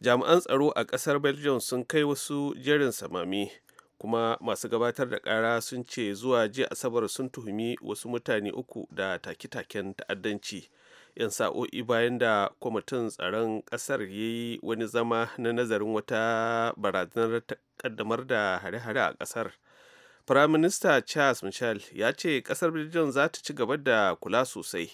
jami'an tsaro a ƙasar belgium sun kai wasu jerin samami kuma masu gabatar da ƙara sun ce zuwa jiya asabar sun tuhumi wasu mutane uku da take-taken ta'addanci yan sa'o'i bayan da kwamitin tsaron ƙasar ya yi wani zama na nazarin wata barazanar ƙaddamar da hare-hare a ƙasar firaminista charles michel ya ce ƙasar belgium za ta ci gaba da kula sosai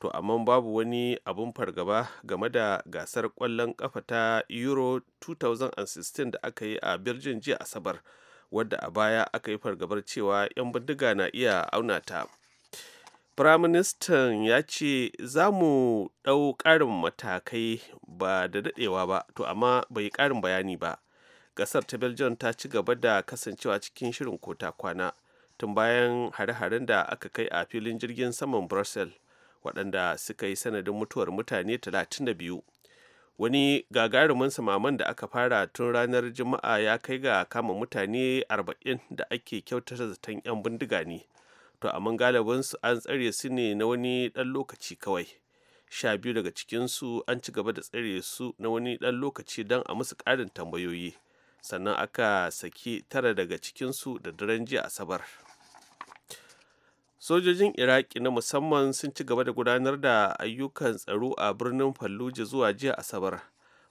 to amma babu wani abun fargaba game da gasar kwallon kafa ta euro 2016 da aka yi a birjin jiya asabar wadda a baya aka yi fargabar cewa 'yan bindiga na iya auna ta firaministan ya ce za mu ɗau ƙarin matakai ba da daɗewa ba to amma bai ƙarin bayani ba Gasar ta belgium ta ci gaba da kasancewa cikin shirin kota kwana tun bayan hare-haren da aka kai a filin jirgin saman brussels waɗanda suka yi sanadin mutuwar mutane 32 wani gagarumin samaman da aka fara tun ranar juma'a ya kai ga kama mutane 40 da ake kyautata zaton 'yan bindiga ne to amma galibinsu an tsare su ne na wani ɗan lokaci kawai sha biyu daga cikinsu an ci gaba da tsare su na wani ɗan lokaci don a musu ƙarin tambayoyi sannan aka saki tara daga cikinsu da daren jiya asabar sojojin iraki na musamman sun ci gaba da gudanar da ayyukan tsaro a birnin fallujah zuwa jiya asabar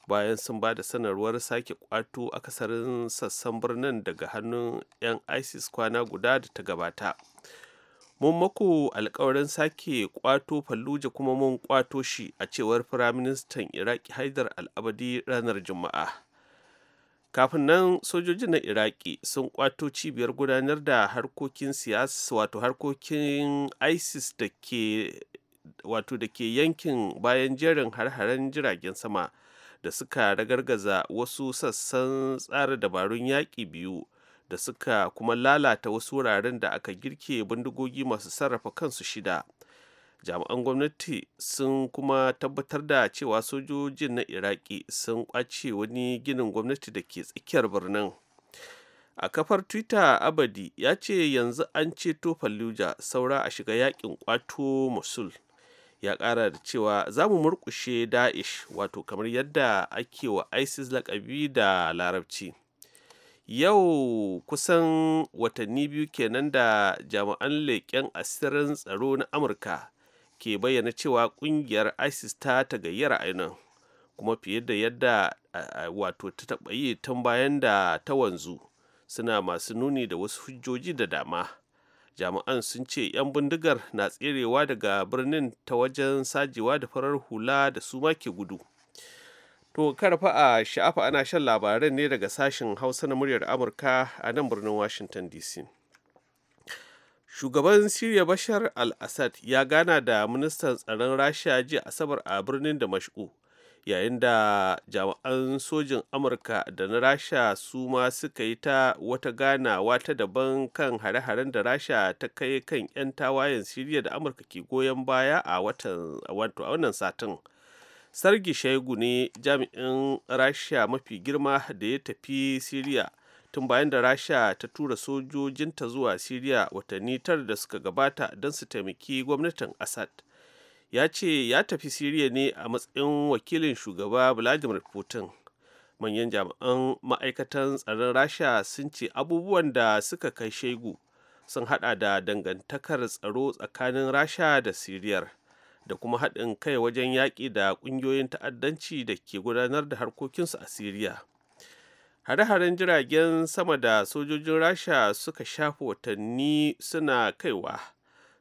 bayan sun ba da sanarwar sake kwato akasarin sassan birnin daga hannun 'yan isis kwana guda da ta gabata mun mako alkawarin sake kwato fallujah kuma mun kwato shi a cewar firaministan iraki haidar al'abadi ranar juma'a kafin nan sojojin na iraki sun kwato cibiyar gudanar da harkokin siyasa wato harkokin isis da ke wato da yankin bayan jerin har-haren jiragen sama da suka ragargaza wasu sassan tsara dabarun yaƙi biyu da suka kuma lalata wasu wuraren da aka girke bindigogi masu sarrafa kansu shida jami'an gwamnati sun kuma tabbatar da cewa sojojin na iraki sun kwace wani ginin gwamnati da ke tsakiyar birnin a kafar twitter abadi ya ce yanzu an ceto fallujah saura a shiga yakin kwato mosul ya kara da cewa za mu murkushe daesh wato kamar yadda ake wa isis lakabi da larabci yau kusan watanni biyu kenan da jami'an leƙen asirin tsaro na amurka ke bayyana cewa kungiyar isis ta tagayyara ainihin kuma fiye da yadda wato ta taɓa yi tun bayan da ta wanzu suna masu nuni da wasu hujjoji da dama jami'an sun ce 'yan bindigar na tserewa daga birnin ta wajen sajewa da farar hula da su ke gudu to karfa a sha'afa ana shan labaran ne daga sashen hausa na muryar amurka a nan birnin washington dc shugaban siriya bashar al-assad ya gana da ministan tsaron rasha jiya asabar a birnin da mash'u yayin da jami'an sojin amurka da na rasha su ma suka yi ta wata ganawa ta daban kan hare-haren da rasha ta kai kan 'yan tawayen siriya da amurka ke goyon baya a wannan satin sargi shaigu ne jami'in rasha mafi girma da ya tafi siriya tun bayan da rasha ta tura sojojinta zuwa siriya watanni tar da suka gabata don su taimaki gwamnatin assad ya ce ya tafi siriya ne a matsayin wakilin shugaba vladimir putin manyan jami'an ma'aikatan tsaron rasha sun ce abubuwan da suka kai shegu sun hada da dangantakar tsaro tsakanin rasha da siriyar da kuma haɗin kai wajen yaƙi da ƙungiyoyin ta'addanci da ke gudanar da harkokinsu a siriya hare-haren jiragen sama da sojojin rasha suka shafi watanni suna kaiwa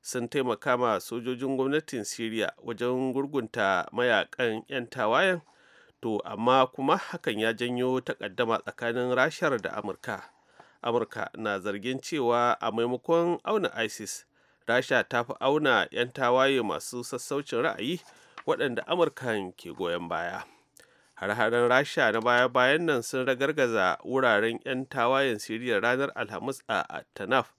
sun taimaka ma sojojin gwamnatin syria wajen gurgunta mayakan 'yan tawayen to amma kuma hakan ya janyo takaddama tsakanin rashar da amurka amurka na zargin cewa a maimakon auna isis rasha ta fi auna 'yan tawaye masu sassaucin ra'ayi waɗanda amurkan ke goyon baya harharen rasha na baya-bayan nan sun ragargaza wuraren 'yan tawayen siriya ranar alhamis a tanaf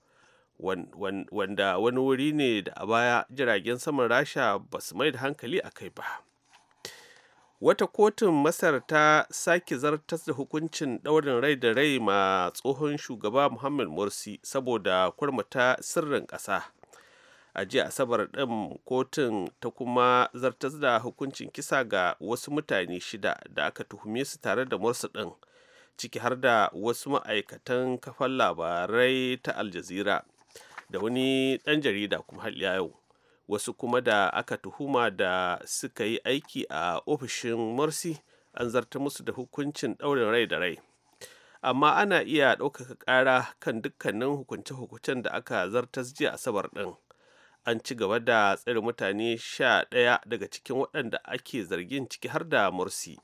wanda wani wuri ne da a baya jiragen saman rasha ba su mai da hankali a kai ba wata kotun masar ta sake zartas da hukuncin ɗaurin rai da rai ma tsohon shugaba muhammad morsi saboda kurmata sirrin ƙasa a jiya asabar ɗin kotun ta kuma zartas da hukuncin kisa ga wasu mutane shida da aka tuhume su tare da mursu ɗin ciki har da wasu ma'aikatan kafan labarai ta aljazira da wani ɗan jarida kuma yau wasu kuma da aka tuhuma da suka yi aiki a ofishin mursi, an zarta musu da hukuncin ɗaurin rai da rai amma ana iya ɗaukaka ƙara kan dukkanin hukunce-hukuncen da aka zartas jiya asabar ɗin an ci gaba da tsare mutane sha ɗaya daga cikin waɗanda ake zargin ciki har da morsi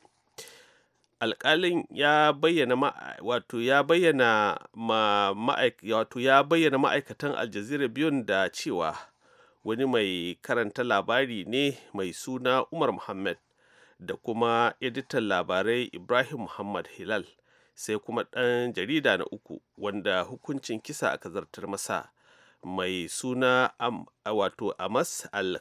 alƙalin ya bayyana wato ya bayyana ma wato ya bayyana ma'aikatan aljazira biyun da cewa wani mai karanta labari ne mai suna umar muhammad da kuma editan labarai ibrahim muhammad hilal sai kuma ɗan jarida na uku wanda hukuncin kisa aka zartar masa mai suna wato amas al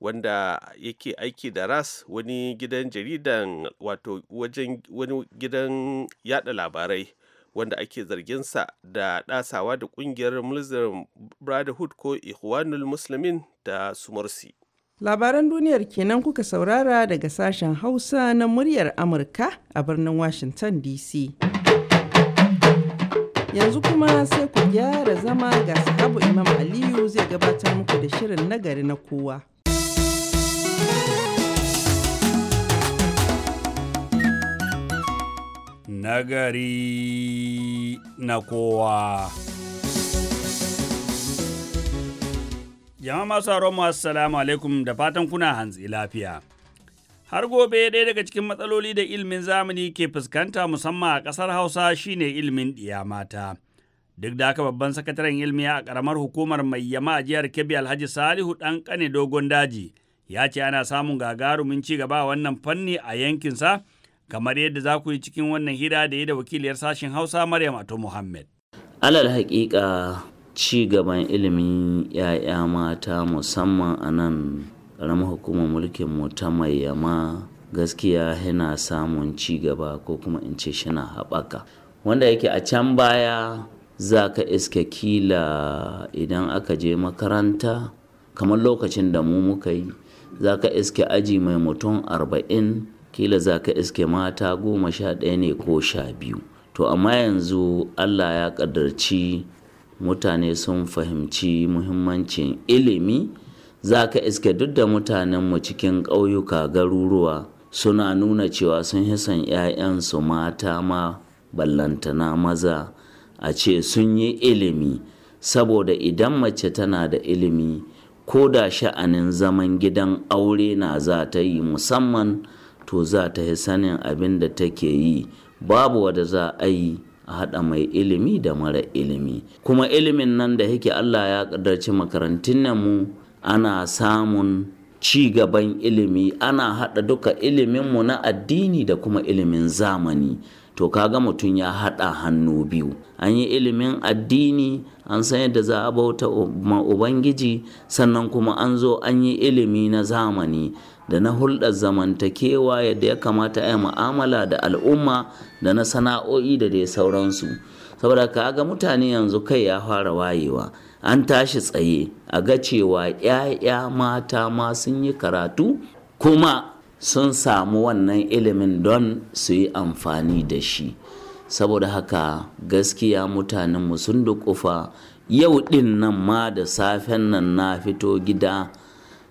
wanda yake aiki da ras wani gidan jaridan wato wajen wani gidan yada labarai wanda ake zarginsa da dasawa da kungiyar muslim brotherhood ko ikhwanul muslimin da sumursi labaran duniyar kenan kuka saurara daga sashen hausa na muryar amurka a birnin washington dc Yanzu kuma sai ku gyara zama ga sahabu Imam Aliyu zai gabatar muku da shirin nagari na kowa. Nagari na kowa. Jama'a masu haramu, Assalamu alaikum da fatan kuna hanzi lafiya. Har gobe ɗaya daga cikin matsaloli da ilimin zamani ke fuskanta musamman a ƙasar Hausa shine ilmin ɗiya mata. Duk da haka babban sakataren ilimi a ƙaramar hukumar mai yama a jihar Kebbi Alhaji Salihu ɗan ƙane dogon daji ya ce ana samun gagarumin ci gaba wannan fanni a yankinsa kamar yadda za ku yi cikin wannan hira da ya da wakiliyar sashen Hausa Maryam Ato Muhammad. Alal haƙiƙa ci gaban ilimin 'ya'ya mata musamman a nan ƙaramin hukumar mulkin mu ta yama gaskiya yana samun ci gaba ko kuma in ce shina haɓaka wanda yake a can baya za ka iske kila idan aka je makaranta kamar lokacin da mu muka yi za ka iske aji mai mutum arba'in kila za ka iske mata goma sha ɗaya ne ko sha biyu to amma yanzu allah ya ƙadarci mutane sun fahimci muhimmancin ilimi za ka iske duk da mutanenmu cikin ƙauyuka garuruwa suna nuna cewa sun hisan 'ya'yansu mata ma ballantana maza a ce sun yi ilimi saboda idan mace tana da ilimi ko da sha'anin zaman gidan aure na za ta yi musamman to za ta yi sanin abin da take yi babu wada za a yi a haɗa mai ilimi da mara ilimi kuma ilimin nan da yake allah ya ƙaddarci makarantun mu ana samun ci gaban ilimi ana haɗa duka iliminmu na addini da kuma ilimin zamani to kaga mutum ya haɗa hannu biyu an yi ilimin addini an san yadda za a bauta ma ubangiji sannan kuma an zo an yi ilimi na zamani da na hulɗar zamantakewa yadda ya kamata a yi mu'amala da al'umma da na sana'o'i da dai sauransu saboda ka ga mutane yanzu kai ya fara wayewa an tashi tsaye a ga cewa 'ya'ya mata ma sun yi karatu kuma sun samu wannan ilimin don su yi amfani da shi saboda haka gaskiya mutanenmu sun dukufa yau ɗin nan ma da safen nan na fito gida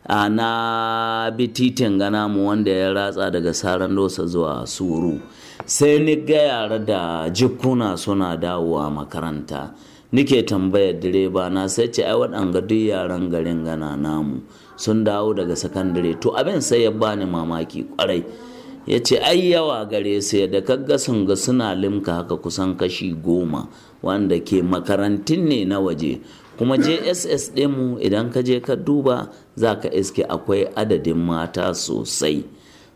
a na bi titin gana mu wanda ya ratsa daga saran dosa zuwa suru sai ni ga da jikuna suna dawowa makaranta nike tambaya direba na sai ce ai waɗanga duk yaran garin gana namu sun dawo daga sakandare to abin sai ya bani mamaki kwarai ya ce ai yawa gare sai da kagga sun ga suna limka haka kusan kashi goma wanda ke makarantun ne na waje kuma jss ɗinmu idan ka je ka duba za ka iske akwai adadin mata sosai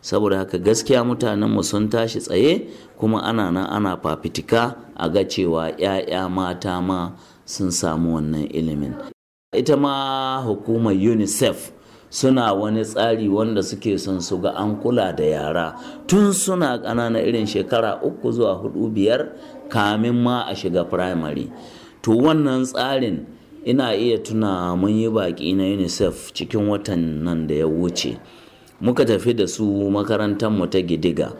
saboda haka gaskiya mutanenmu sun tashi tsaye kuma ana nan ana fafitika a ga cewa 'ya'ya mata ma sun samu wannan ilimin ita ma hukumar unicef suna wani tsari wanda suke son su ga an kula da yara tun suna ƙanana irin shekara uku zuwa hudu biyar kamin ma a shiga firamare to wannan tsarin ina iya tuna mun yi baƙi na unicef cikin watan nan da ya wuce muka tafi da su makarantar mu ta gidiga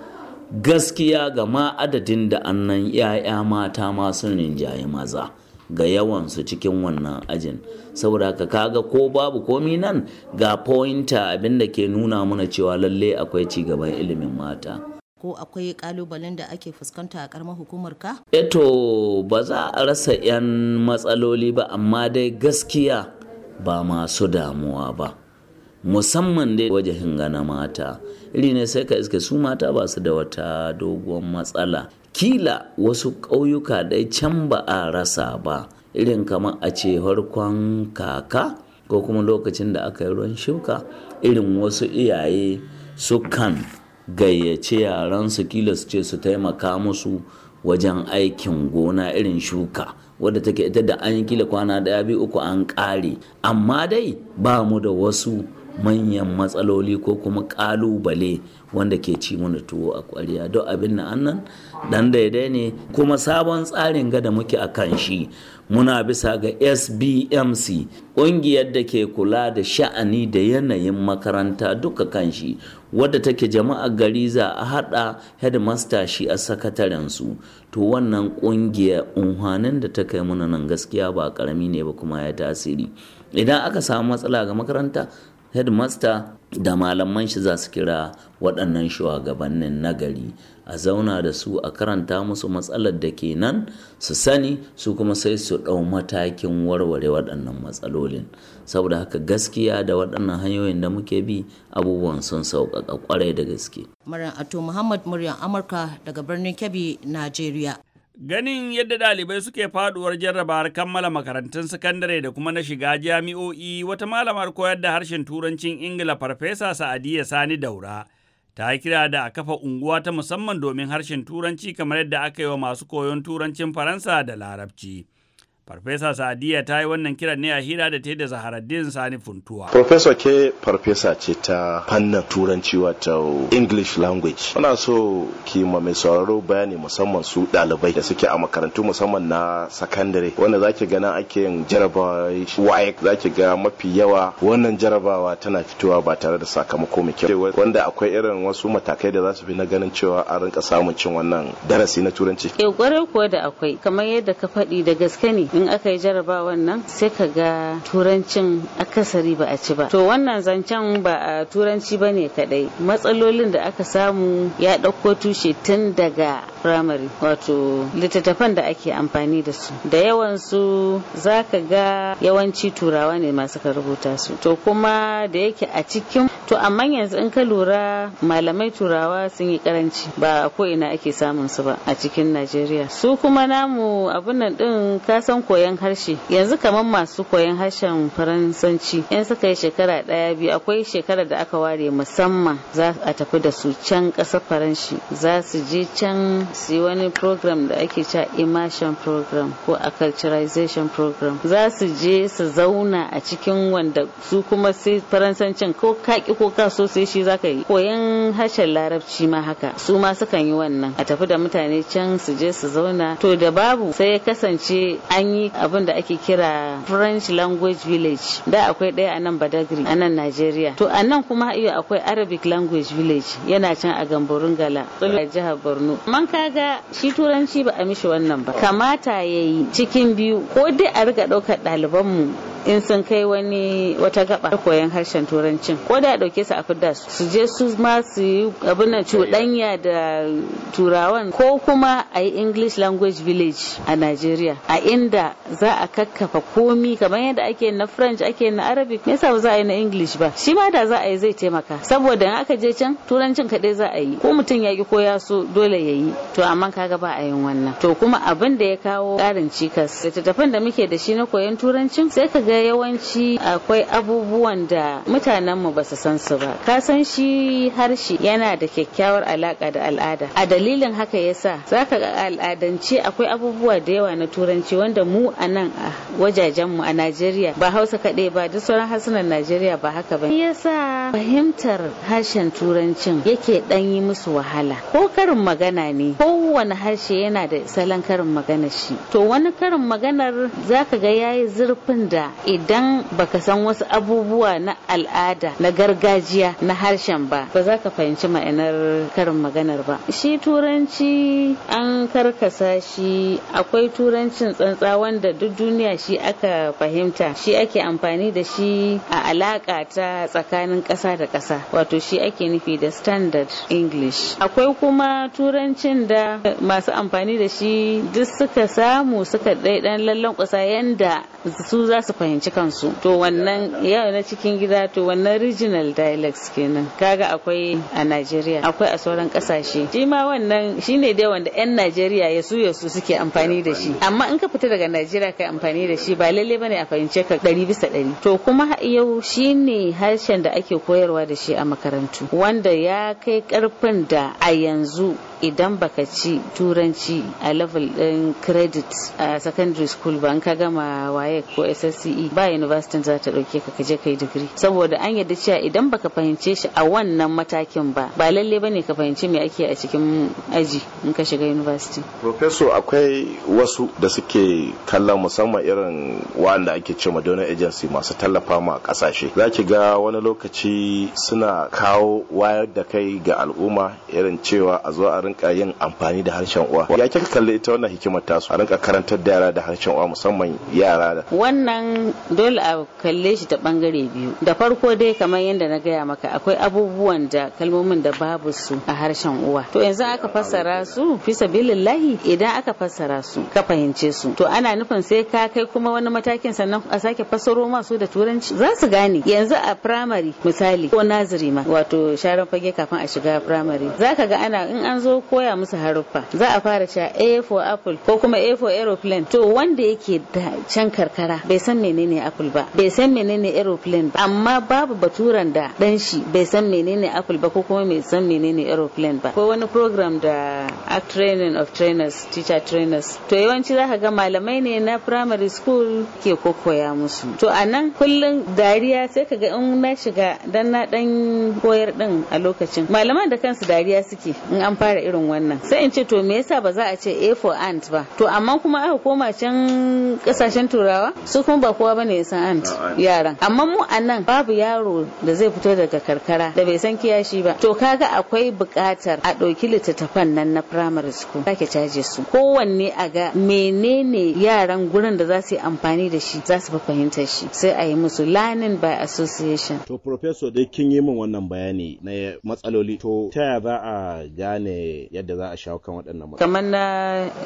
gaskiya ga ma adadin da annan 'ya'ya mata masu sun rinjaye maza ga yawansu cikin wannan ajin saboda ka kaga ko babu komi nan ga pointa abinda ke nuna mana cewa lalle akwai cigaban ilimin mata ko akwai kalubalen da ake fuskanta a karamar hukumar ka? eto eh ba za a rasa 'yan matsaloli ba amma dai gaskiya ba masu damuwa ba musamman dai wajahin gana mata iri ne sai ka iske su mata ba su da wata doguwar matsala kila wasu ƙauyuka dai can ba a rasa ba irin kama a ce farkon kaka ko kuma lokacin da aka yi ruwan shuka irin wasu iyaye sukan gayyace yaransu kila su ce su taimaka musu wajen aikin gona irin shuka wadda take ita da an yi kila kwana daya biyu uku an ƙare amma dai ba mu da wasu manyan matsaloli ko kuma kalubale wanda ke ci mana tuwo a kwariya don abin na annan dan daidai ne kuma sabon tsarin ga da muke a kan shi muna bisa ga sbmc ƙungiyar da ke kula da sha'ani da yanayin makaranta duka kan shi wadda take jama'a gari za a haɗa headmaster shi a sakatarensu to wannan ƙungiyar unhanin da ta kai muna nan gaskiya ba ƙarami ne ba kuma ya tasiri idan aka samu matsala ga makaranta headmaster da malaman shi za su kira waɗannan shugabannin nagari a zauna da su a karanta musu matsalar da ke nan su sani su kuma sai su ɗau matakin warware waɗannan matsalolin saboda haka gaskiya da waɗannan hanyoyin da muke bi abubuwan sun sauƙaƙa ƙwarai da gaske. Ato Muhammad muryar Amurka daga birnin Kebbi, Najeriya. Ganin yadda ɗalibai suke faɗuwar jarrabawar kammala makarantun sakandare da kuma na shiga jami'o'i wata malamar koyar da harshen Turancin Ingila Farfesa Sa'adiyya Sani Daura ta kira da a kafa unguwa ta musamman domin harshen Turanci kamar yadda aka yi wa masu koyon Turancin Faransa da Larabci. Farfesa Sadiya ta yi wannan kiran ne a hira da ta da Zaharaddin Sani Funtuwa. Farfesa ke farfesa ce ta fannin turanci wato English language. Muna so ki ma mai sauraro bayani musamman su ɗalibai da suke a makarantu musamman na sakandare wanda zaki gana ake yin jarabawa waye zaki ga mafi yawa wannan jarabawa tana fitowa ba tare da sakamako mai kyau wanda akwai irin wasu matakai da za su bi na ganin cewa a rinka samun cin wannan darasi na turanci. Yau eh, kwarai kuwa da akwai kamar yadda ka faɗi da gaske ne in aka yi jaraba wannan sai ka ga turancin akasari ba a ci ba to wannan zancen ba a turanci ba ne kadai matsalolin da aka samu ya ɗauko tushe tun daga primary wato littattafan da ake amfani da su da yawan su ka ga yawanci turawa ne masu ka rubuta su to kuma da yake a cikin to amma yanzu in ka lura malamai turawa sun yi karanci ba ko ina ake samun su ba a cikin Najeriya su kuma namu abun nan din ka san koyan harshe yanzu kamar masu koyan harshen faransanci in suka yi shekara daya biyu akwai shekara da aka ware musamman za a tafi da su can ƙasar faranshi za su je can su wani program da ake cewa immersion program ko acculturization program za su je su zauna a cikin wanda su kuma sai faransancin ko kaki ko ka so sai shi zaka yi koyan harshen larabci ma haka su ma sukan yi wannan a tafi da mutane can su je su zauna to da babu sai ya kasance an yi abin da ake kira french language village da akwai ɗaya a nan badagri a nan najeriya to a nan kuma akwai arabic language village yana can a gamborun gala a jihar borno man ka ga shi turanci ba a mishi wannan ba kamata ya yi cikin biyu ko dai a riga ɗaukar ɗaliban mu. in sun kai wani wata gaba koyan harshen turancin ko da dauke su a fidda su su je su ma su yi abin nan cuɗanya da turawan ko kuma a yi english language village a nigeria a inda za a kakkafa komi kamar yadda ake na french ake na arabic me yasa ba za a yi na english ba shi ma da za a yi zai taimaka saboda in aka je can turancin kaɗai za a yi ko mutum ya ki koya ya so dole ya yi to amma kaga ba a yin wannan to kuma abin da ya kawo ƙarin cikas littattafan da muke da shi na koyan turancin sai ka ga yawanci akwai abubuwan da mutanenmu ba su san su ba ka san shi harshe yana da kyakkyawar alaka da al'ada a dalilin haka yasa zaka ga al'adance akwai abubuwa da yawa na turanci wanda mu a nan a wajajenmu a Najeriya ba Hausa kaɗai ba duk sauran harsunan Najeriya ba haka ba yasa fahimtar harshen turancin yake ɗan yi musu wahala ko karin magana ne kowane harshe yana da salon karin magana shi to wani karin maganar zaka ga yayi zurfin da idan baka san wasu abubuwa na al'ada na gargajiya na harshen ba ba za ka fahimci ma'anar karin maganar ba shi turanci an karkasa shi akwai turancin tsantsa wanda duk duniya shi aka fahimta shi ake amfani da shi a alaka ta tsakanin ƙasa da ƙasa wato shi ake nufi da standard english akwai kuma turancin da masu amfani da shi duk suka samu suka ɗaiɗan lallon ƙasa yanda su za su fahimta fahimci kansu to wannan yau na cikin gida to wannan regional dialects kenan kaga akwai a Najeriya akwai a sauran kasashe shi ma wannan shine dai wanda yan Najeriya ya su su suke amfani da shi amma in ka fita daga Najeriya kai amfani da shi ba lalle bane a fahimce ka ɗari bisa ɗari to kuma yau shine harshen da ake koyarwa da shi a makarantu wanda ya kai karfin da a yanzu idan baka ci turanci a level din credit a secondary school ba ka gama waye ko SSCE ba university za ta dauke ka kaje kai degree saboda an yadda cewa idan baka fahimce shi a wannan matakin ba ba lalle bane ka fahimci me ake a cikin aji in ka shiga university professor akwai wasu da suke kallon musamman irin wanda ake cewa donor agency masu tallafa ma kasashe zaki ga wani lokaci suna kawo wayar da kai ga al'umma irin cewa a zo a rinka yin amfani da harshen uwa ya kika kalle ita wannan hikimar tasu a rinka karantar da yara da harshen uwa musamman yara da wannan dole a kalle shi ta bangare biyu da farko dai kamar yadda na gaya maka akwai abubuwan da kalmomin da babu su a harshen uwa to yanzu aka fassara su fi sabilillahi idan aka fassara su ka fahimce su to ana nufin sai ka kai kuma wani matakin sannan a sake fassaro masu da turanci za su gane yanzu a primary misali ko naziri wato sharan fage kafin a shiga primary ka ga ana in an zo koya musu haruffa za a fara cewa a for apple ko kuma a for aeroplane to wanda yake da can karkara bai san menene apple ba bai san menene aeroplane ba amma babu baturan da dan shi bai san menene apple ba ko kuma bai san menene aeroplane ba ko wani program da a training of trainers teacher trainers to yawanci za ka ga malamai ne na primary school ke kokoya musu to a nan kullum dariya sai ka ga in na shiga dan na dan koyar din a lokacin malaman da kansu dariya suke in an fara irin wannan sai in ce to me yasa ba za a ce a for ant ba to amma kuma aka koma can kasashen turawa su kuma ba kowa bane ya san ah, ant yaran amma mu a nan babu yaro da zai fito daga karkara da bai san kiyashi ba to kaga akwai buƙatar a ɗauki littattafan nan na primary school sake caje su kowanne a ga menene yaran gurin da za su yi amfani da shi za su fi fahimtar shi sai a yi musu learning by association to professor dai kin yi min wannan bayani na matsaloli to ta yaya za a gane yadda za a shawo kan waɗannan matsaloli kamar na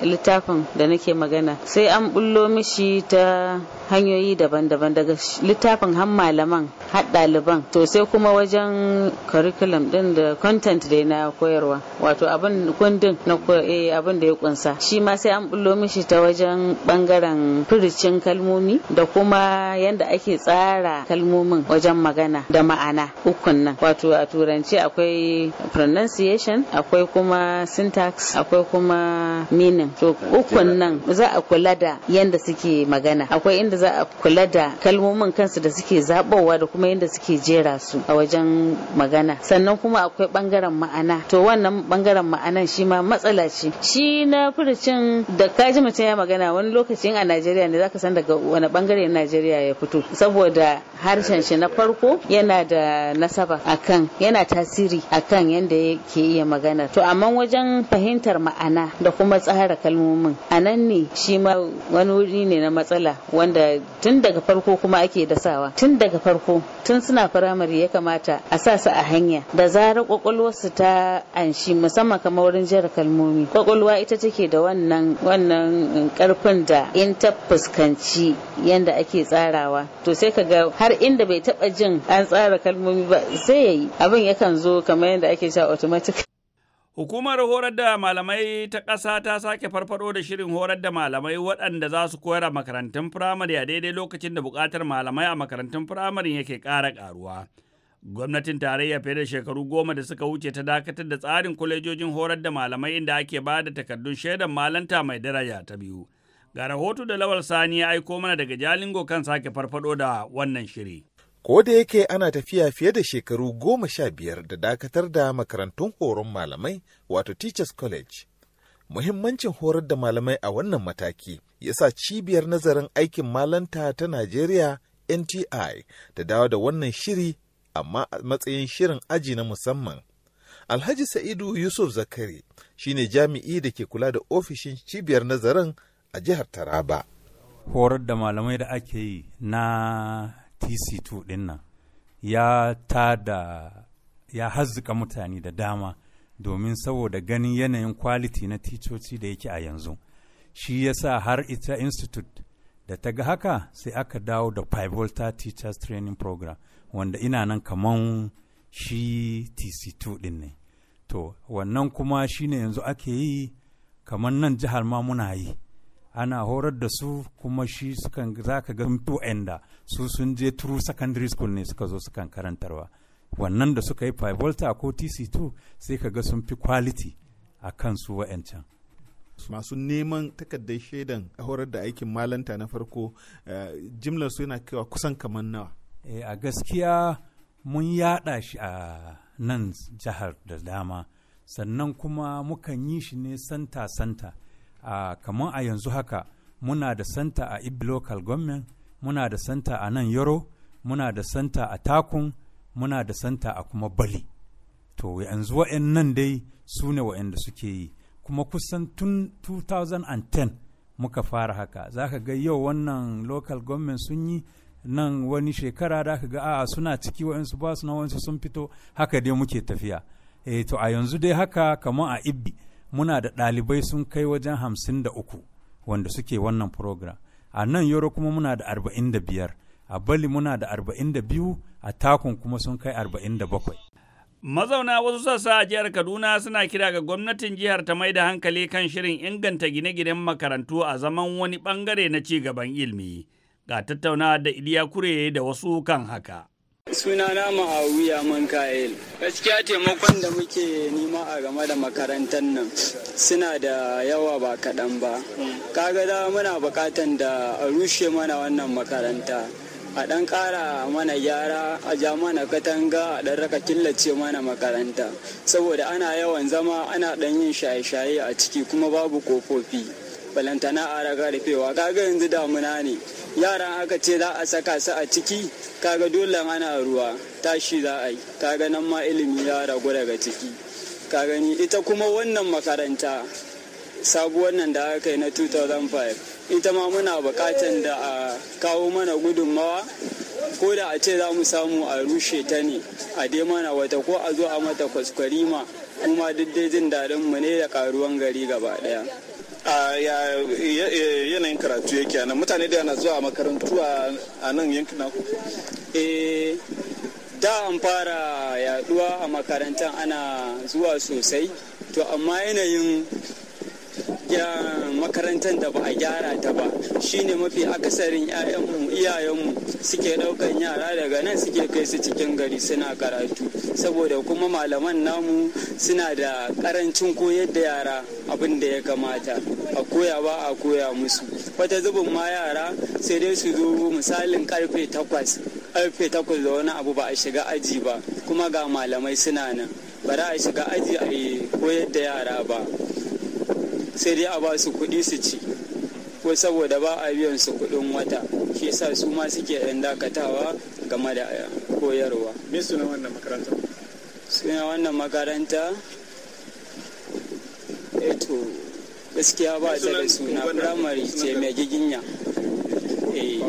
littafin da nake magana sai an bullo mishi ta hanyoyi daban-daban daga littafin har malaman har ɗaliban to sai kuma wajen curriculum din da content dai na koyarwa wato abin kundin na eh, abin da ya kunsa shi ma sai an bullo mishi ta wajen bangaren firicin kalmomi da kuma yadda ake tsara kalmomin wajen magana da ma'ana ukun nan wato a turanci akwai pronunciation akwai kuma kuma syntax akwai kuma meaning to ukun nan za a kula da yanda suke magana akwai inda za a kula da kalmomin kansu da suke zabowa da kuma yanda suke jera su a wajen magana sannan kuma akwai bangaren ma'ana to wannan bangaren ma'anan shi ma matsala ce shi na furucin da kaji mutum ya magana wani lokacin a Najeriya ne zaka san daga wani bangare Najeriya ya fito saboda harshen shi na farko yana da nasaba akan yana tasiri akan yanda yake iya magana to amma amma wajen fahimtar ma'ana da kuma tsara kalmomin a nan ne shi ma wani wuri ne na matsala wanda tun daga farko kuma ake dasawa tun daga farko tun suna firamare ya kamata a sa su a hanya da zarar kwakwalwarsu ta anshi musamman kamar wurin jera kalmomi kwakwalwa ita take da wannan wannan karfin da in ta fuskanci yanda ake tsarawa to sai ka ga har inda bai taba jin an tsara kalmomi ba sai yayi abin yakan zo kamar yadda ake cewa automatic Hukumar horar da malamai ta ƙasa ta sake farfado da shirin horar da malamai waɗanda za su koyar a makarantun firamare a daidai lokacin da buƙatar malamai a makarantun firamare yake ƙara ƙaruwa. Gwamnatin tarayya fiye da shekaru goma da suka wuce ta dakatar da tsarin kwalejojin horar da malamai inda ake ba da takardun shaidar malanta mai daraja ta biyu. Ga rahoto da Lawal Sani ya aiko mana daga Jalingo kan sake farfado da wannan shiri. ko da yake ana tafiya fiye da shekaru goma sha biyar da dakatar da makarantun horon malamai wato teachers college muhimmancin horar da malamai a wannan mataki ya sa cibiyar nazarin aikin malanta ta najeriya nti ta dawo da wannan shiri amma a matsayin shirin aji na musamman alhaji sa'idu yusuf zakari shine jami'i da ke kula da ofishin cibiyar nazarin a jihar taraba horar da malamai da ake yi na tc2 din nan ya tada ya hazzuka mutane da dama domin saboda ganin yanayin kwaliti na ticoci da yake a yanzu shi ya sa har ita institute da ta ga haka sai aka dawo da pivolta teachers training program wanda ina nan kaman shi tc2 din ne to wannan kuma shine yanzu ake yi kamar nan jihar ma muna yi ana horar da su kuma shi sukan za ka ga wa'anda su sun je true secondary school ne suka zo sukan karantarwa wannan da suka yi 5 ko tc2 sai ka ga sun fi quality a kan su wa'ancan masu neman takardar shaidan horar da aikin malanta na farko eh, jimlar su yana kaiwa kusan kamar nawa eh, a gaskiya mun yada shi a nan jihar da dama sannan kuma mukan yi shi ne santa-santa a kamar a yanzu haka muna da santa a ibi local government muna da santa a nan yoro muna da santa a takun muna da santa a kuma bali to yanzu nan dai su ne wa'anda suke yi kuma kusan tun 2010 muka fara haka za ka ga yau wannan local government sun yi nan wani shekara da ka ga a, suna ciki wa'ansu ba su na wa'ansu sun fito haka dai muke tafiya e, to a yanzu dai haka kamar a ibbi muna da ɗalibai sun kai wajen hamsin da uku wanda suke wannan program a nan yoro kuma muna da arba'in da biyar a bali muna da arba'in da biyu a takun kuma sun kai arba'in da bakwai Mazauna wasu sassa a jihar Kaduna suna kira ga gwamnatin jihar ta mai da hankali kan shirin inganta gine-ginen makarantu a zaman wani bangare na ci gaban ilimi. Ga tattaunawa da Iliya Kure da wasu kan haka. Sunana man kayan. Gaskiya taimakon da muke nema a game da makarantar nan suna da yawa ba kaɗan ba. Kaga da muna buƙatar da a rushe mana wannan makaranta. A ɗan ƙara mana gyara a ja mana katanga a ɗan raka killace mana makaranta. Saboda ana yawan zama ana ɗan yin shaye-shaye a ciki kuma babu kofofi Balantana a raga kaga yanzu damuna ne. yaran aka ce za a saka su a ciki kaga dole ana ruwa tashi za a yi kaga nan ma ilimi ya ragu daga ciki ka gani ita kuma wannan makaranta sabuwar nan da aka yi na 2005 ita ma muna bukatan da a kawo mana gudunmawa ko da a ce za mu samu a rushe ta ne a dai mana wata ko a zo a mata kwaskwarima kuma duk dai jin daɗin mu ne da karuwan gari gaba ɗaya yanayin karatu yake nan mutane da yana zuwa makarantu a nan yankin naku eh, da an fara yaduwa a makarantar ana zuwa sosai to amma yanayin makarantar da ba a gyara ta ba shine mafi akasarin 'ya'yanmu iyayenmu suke ɗaukan yara daga nan suke kai su cikin gari suna karatu saboda kuma malaman namu suna da karancin koyar da yara abin da ya kamata a koya ba a koya musu wata zubin ma yara sai dai su zo misalin karfe takwas karfe takwas da wani abu ba a shiga aji ba kuma ga malamai suna nan ba a shiga aji a koyar da yara ba sai dai a ba su kuɗi su ci ko saboda ba a biyan su kuɗin wata shi sa su ma suke ɗan dakatawa game da koyarwa me suna wannan makaranta suna wannan makaranta eto eh gaskiya ba ta da suna firamare ce mai giginya eh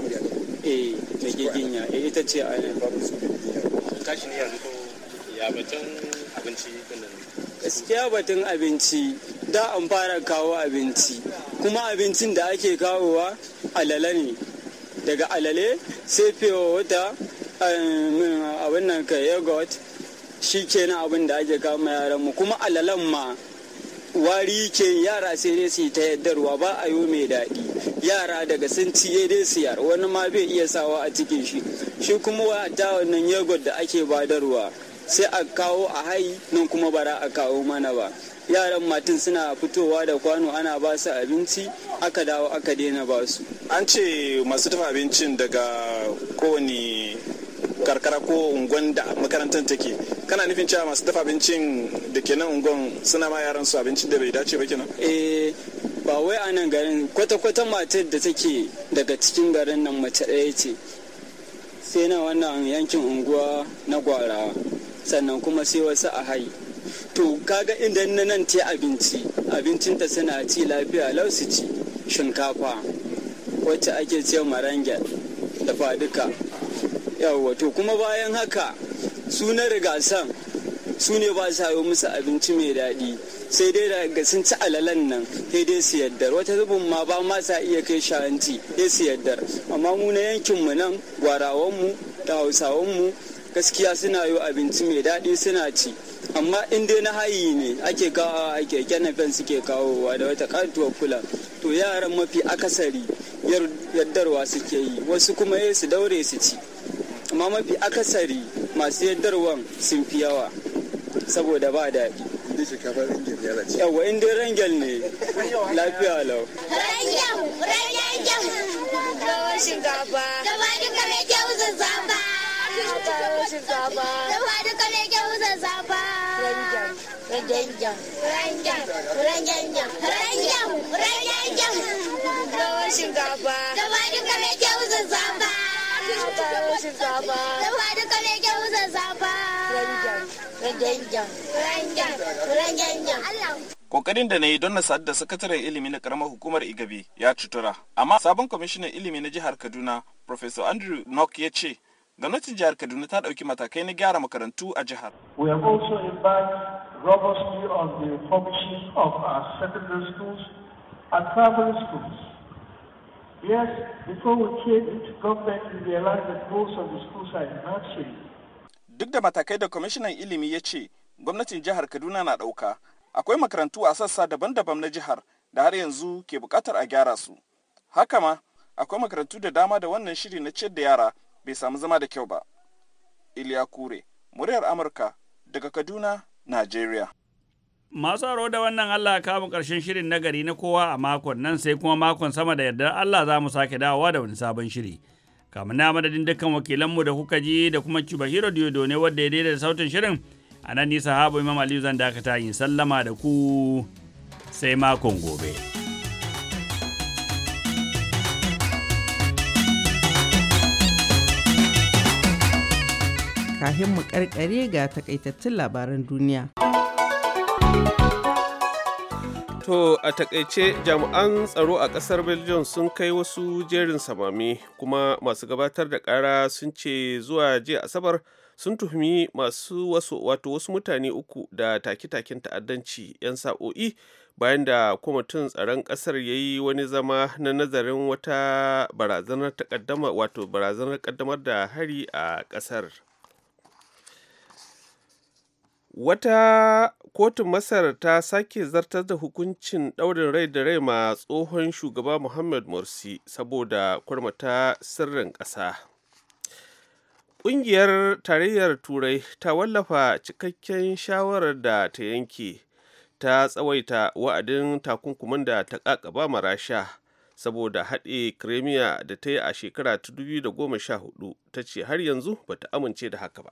eh mai giginya eh ita ce a nan Kashi ne yanzu ko ya batun abinci gaskiya batun abinci da an fara kawo abinci kuma abincin da ake kawowa alale ne daga alale sai fiye wata eh, abin nan ka yogurt shi kenan abin da ake kama yaran mu kuma alalan ma wari ke yara sai dai su ta yaddarwa ba a yi mai daɗi yara daga sun ciye dai su yar wani ma bai iya sawa a cikin shi shi kuma wa ta wannan yogurt da ake badarwa sai a kawo a hai nan kuma bara a kawo mana ba yaran matin suna fitowa da kwano ana ba su abinci aka dawo aka daina ba su an ce masu dafa abincin daga kowane karkara ko unguwan da makarantar take kana nufin cewa masu dafa abincin da ke nan unguwan suna ma yaran su abincin da bai dace ba kenan eh ba wai a nan garin kwata-kwata matar da take daga cikin garin nan mace ɗaya ce sai na wannan yankin unguwa na gwara sannan kuma sai wasu a hai to kaga idan na nan ce abinci abincin ta suna ci lafiya lau ci shinkafa wacce ake ce marangel da faduka yawwa to kuma bayan haka su na rigasan su ne ba sa yi musu abinci mai daɗi sai dai daga sun ci alalan nan sai dai su yaddar wata zubin ma ba ma sa iya kai shahanci sai su yaddar amma mu na yankinmu nan gwarawanmu da mu gaskiya suna yi abinci mai daɗi suna ci amma in dai na hayi ne ake kawo a keke suke kawowa da wata katuwar kula to yaran mafi akasari yaddarwa suke yi wasu kuma ya eh su daure su ci amma mafi akasari masu yardarwan sun fi yawa saboda ba daɗi yawa in dai rangel ne lafiya lau rangel rangel shinkafa da ba duka mai kyau Kokarin da na yi don na sadu da sakataren ilimi na karamar hukumar Igabe ya cutura, amma sabon kwamishinan ilimi na jihar Kaduna, Professor Andrew Nock ya ce, Gwamnatin jihar Kaduna ta ɗauki matakai na gyara makarantu a jihar. We also of our secondary schools and primary schools. before we Duk da matakai da kwamishinan ilimi ya ce, gwamnatin jihar Kaduna na ɗauka. Akwai makarantu a sassa daban-daban na jihar da har yanzu ke buƙatar a gyara su. Haka ma, akwai makarantu da dama da wannan shiri na ciyar da yara bai samu zama da kyau ba iliya kure muryar amurka daga kaduna Najeriya. masu aro da wannan allah kamu ƙarshen shirin nagari na kowa a makon nan sai kuma makon sama da yardar allah za mu sake dawowa da wani sabon shiri kamar na madadin dukkan wakilanmu da kuka ji da kuma cuba hiro diodo ne wadda ya daidaita sautin shirin a nan nisa habu imam aliyu zan dakata yin sallama da ku sai makon gobe. kafin mu karkare ga takaitattun labaran duniya. To a takaice jami'an tsaro a kasar Belgium sun kai wasu jerin samami kuma masu gabatar da kara sun ce zuwa jiya Asabar sun tuhumi masu wasu wato wasu mutane uku da take-taken ta'addanci 'yan sa'o'i bayan da kwamitin tsaron kasar ya yi wani zama na nazarin wata barazanar wato barazanar kaddamar da hari a kasar. Wata kotun Masar ta sake zartar da hukuncin ɗaurin rai da rai ma tsohon shugaba Muhammad Morsi saboda kurmata sirrin ƙasa. Ƙungiyar Tarayyar Turai ta wallafa cikakken shawarar da ta yanke ta tsawaita wa'adin takunkumin da ta ƙaƙaba marasha Rasha saboda haɗe kremiya da ta yi a shekara ta 2014 ta ce har yanzu ba ta amince da haka ba.